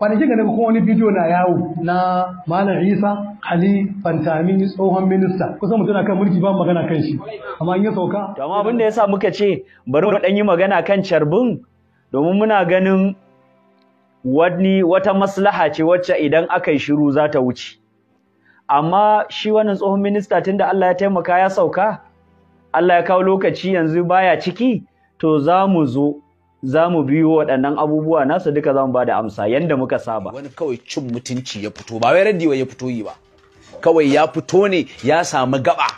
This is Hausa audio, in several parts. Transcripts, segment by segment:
kwanaki ga daga kuma wani bidiyo na yawo na malam isa ali fantami tsohon minista kusan mutum na kan mulki ba magana kan shi amma in ya sauka to amma abin da yasa muka ce bari mu dan yi magana kan carbin domin muna ganin wani wata maslaha ce wacce idan aka yi shiru za ta wuce amma shi wannan tsohon minista tun da Allah ya taimaka ya sauka Allah ya kawo lokaci yanzu baya ciki to za mu zo za mu biyo waɗannan abubuwa nasu duka za mu ba da amsa yadda muka saba. Wani kawai cin mutunci ya fito ba wai radiyo ya fito yi ba. Kawai ya fito ne ya samu gaba.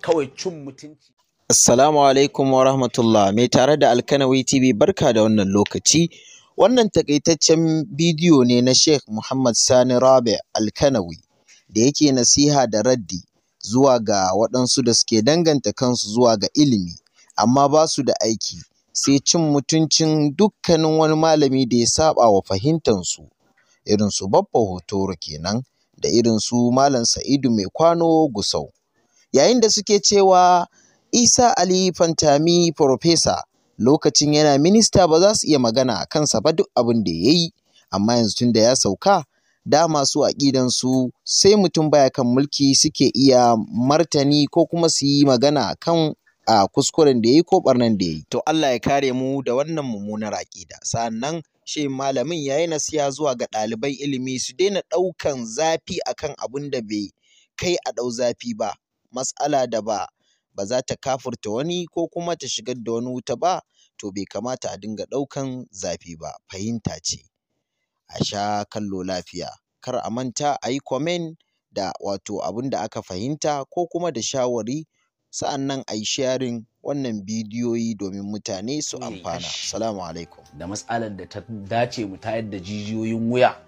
Kawai cin mutunci. Assalamu alaikum wa rahmatullah mai tare da Alkanawi TV barka da wannan lokaci. Wannan takaitaccen bidiyo ne na Sheikh Muhammad Sani Rabi Alkanawi da yake nasiha da raddi zuwa ga waɗansu da suke danganta kansu zuwa ga ilimi amma ba su da aiki. sai cin mutuncin dukkanin wani malami da ya wa fahimtansu, irin su babba Hotoro kenan da irin su Malam Sa'idu Mai Kwano Gusau. Yayin da suke cewa Isa Ali Fantami Farfesa lokacin yana minista ba za su iya magana a kansa ba duk abin da ya yi, amma yanzu tun da ya sauka dama su masu su sai mutum baya kan mulki suke iya martani ko kuma su yi magana a kan a kuskuren da ya yi ko barnan da ya yi. To Allah ya kare mu da wannan mummunar aƙida. Sannan shi malamin ya yi zuwa ga ɗaliban ilimi su daina ɗaukan zafi akan abun da bai kai a ɗau zafi ba. Matsala da ba ba za ta kafurta wani ko kuma ta shigar da wani wuta ba to bai kamata a dinga ɗaukan zafi ba fahimta ce. A sha kallo lafiya. Kar a manta a yi comment da wato abun da aka fahimta ko kuma da shawari sa'annan a yi sharing wannan bidiyoyi domin mutane su amfana. Salamu alaikum. Da matsalar da ta dace mu tayar da jijiyoyin wuya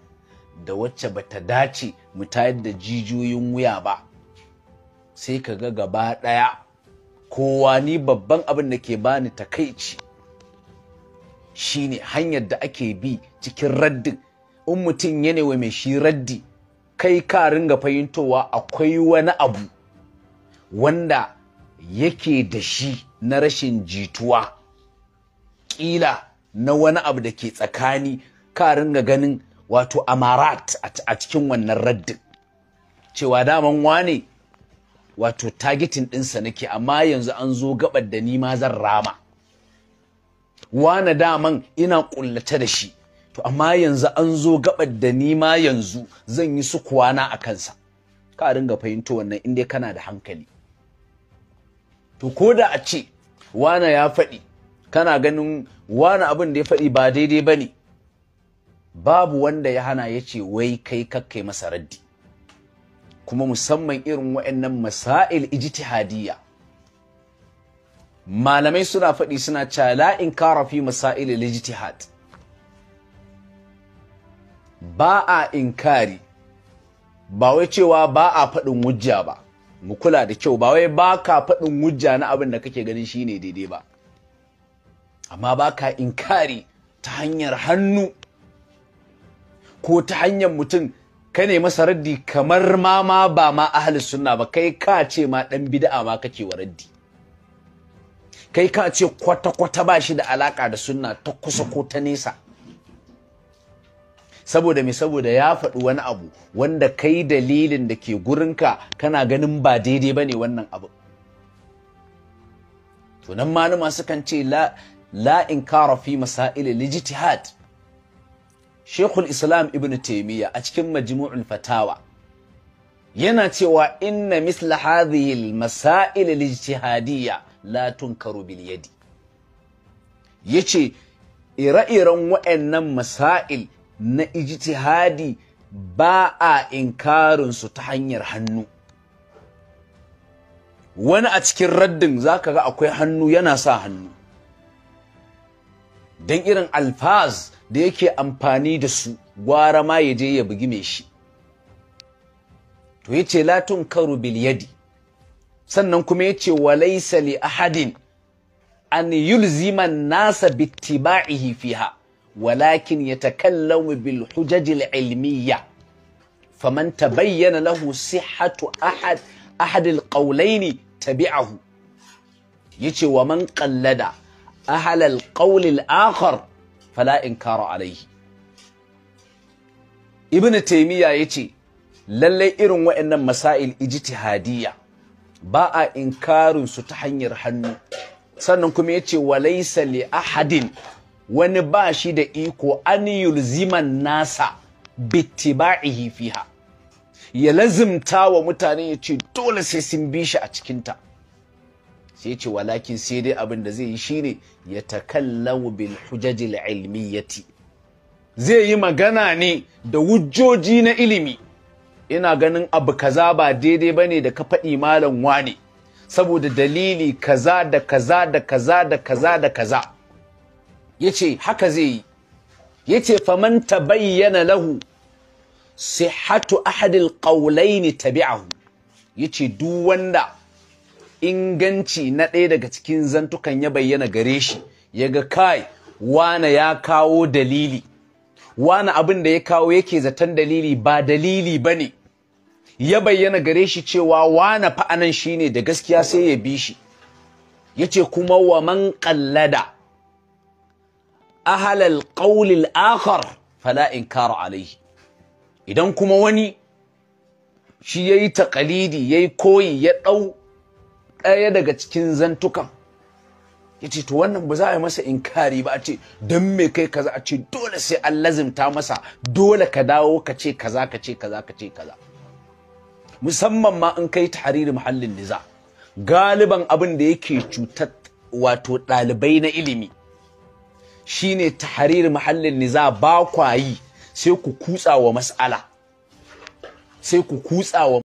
da wacce ba ta dace mu tayar da jijiyoyin wuya ba sai ka ga gaba ɗaya kowa ni babban abin da ke bani takaici ne hanyar da ake bi cikin raddin in mutum yanewa mai shi raddi kai ka ringa fahimtowa akwai wani abu wanda yake da shi na rashin jituwa ƙila na wani abu da ke tsakani ka ga ganin wato amarat a cikin wannan raddin cewa daman wane wato targetin ɗinsa nake amma yanzu an zo gabar da ni zan rama wane daman ina ƙullata da shi to amma yanzu an zo gabar da ni yanzu zan yi su kwana a kansa ka ringa fahimta wannan inda kana da hankali to ko da a ce wana ya faɗi kana ganin wani abin da ya faɗi ba daidai ba ne babu wanda ya hana ya ce wai kai kakkai masa raddi kuma musamman irin wa'annan masail ijtihadiyya malamai suna faɗi suna cala in kara fi masail ijtihad ba a inkari ba wai cewa ba a faɗin wujja ba mu kula da kyau ba wai ba ka faɗin wujja na abin da kake ganin shi ne daidai ba amma baka ka inkari ta hanyar hannu ko ta hanyar mutum ka ne masa raddi kamar ma ma ba ma ahli sunna ba kai ka ce ma ɗan bid'a ma kake wa raddi kai ka ce kwata-kwata ba shi da alaƙa da sunna ta kusa ko ta nesa saboda me saboda ya faɗi wani abu wanda kai dalilin da ke gurinka kana ganin ba daidai ba ne wannan abu Tunan nan sukan ce la la fi masail lijtihad Shekul Islam Ibn taimiyya a cikin Majmu'ul Fatawa yana cewa inna misla hadhihi al-masail al-ijtihadiyya la tunkaru bil yadi yace ire-iren waɗannan masail na ijtihadi ba a inkarinsu ta hanyar hannu wani a cikin raddin za ka ga akwai hannu yana sa hannu don irin alfaz da yake amfani da su gwara ma ya je ya bugi mai shi to ya ce latun karu biliyadi, sannan kuma ya ce walaisa li ahadin an yulziman nasa bittiba'ihi fiha walakin ya yatakallamu bil hujajil ilmiyya faman bayyana lahu sihhatu ahad ahad al qawlayn tabi'ahu yace wa man qallada ahal al qawl al akhar fala inkara alayhi ibnu taymiya yace lallai irin waɗannan masail ijtihadiyya ba a inkarin su ta hanyar hannu sannan kuma yace walaysa li ahadin wani ba shi da iko an yulziman nasa bittiba'ihi fiha ya lazimta wa mutane ya ce dole sai sun bi shi a cikinta sai ce walakin sai dai abin da zai yi shine ya takallamu bil hujajil ilmiyati zai yi magana ne da wujjoji na ilimi ina ganin abu kaza ba daidai ba ne da ka faɗi malam wane saboda dalili kaza da kaza da kaza da kaza da kaza yace haka zai yi yace famanta tabayyana lahu sihhatu ahadil qawlaini tabi'ahu yace duk wanda inganci na ɗaya daga cikin zantukan ya bayyana gare shi yaga kai wane ya kawo dalili wane abin da ya kawo yake zaton dalili ba dalili bane ya bayyana gare shi cewa wana fa anan shine da gaskiya sai ya bi shi yace kuma wa man qallada ahalal ƙaulil akhar fala inkara alaihi idan kuma wani shi yayi taqalidi yayi koyi ya ɗau ɗaya daga cikin zantukan yace to wannan ba za a yi masa inkari ba a ce don me kai kaza a ce dole sai an lazimta masa dole ka dawo ka ce kaza ka ce kaza ka ce kaza musamman ma in kai tahariri muhallin niza galiban abin da yake cutar wato ɗalibai na ilimi shine tahrir mahallin niza ba kwayi sai ku kutsa wa mas'ala sai ku kutsa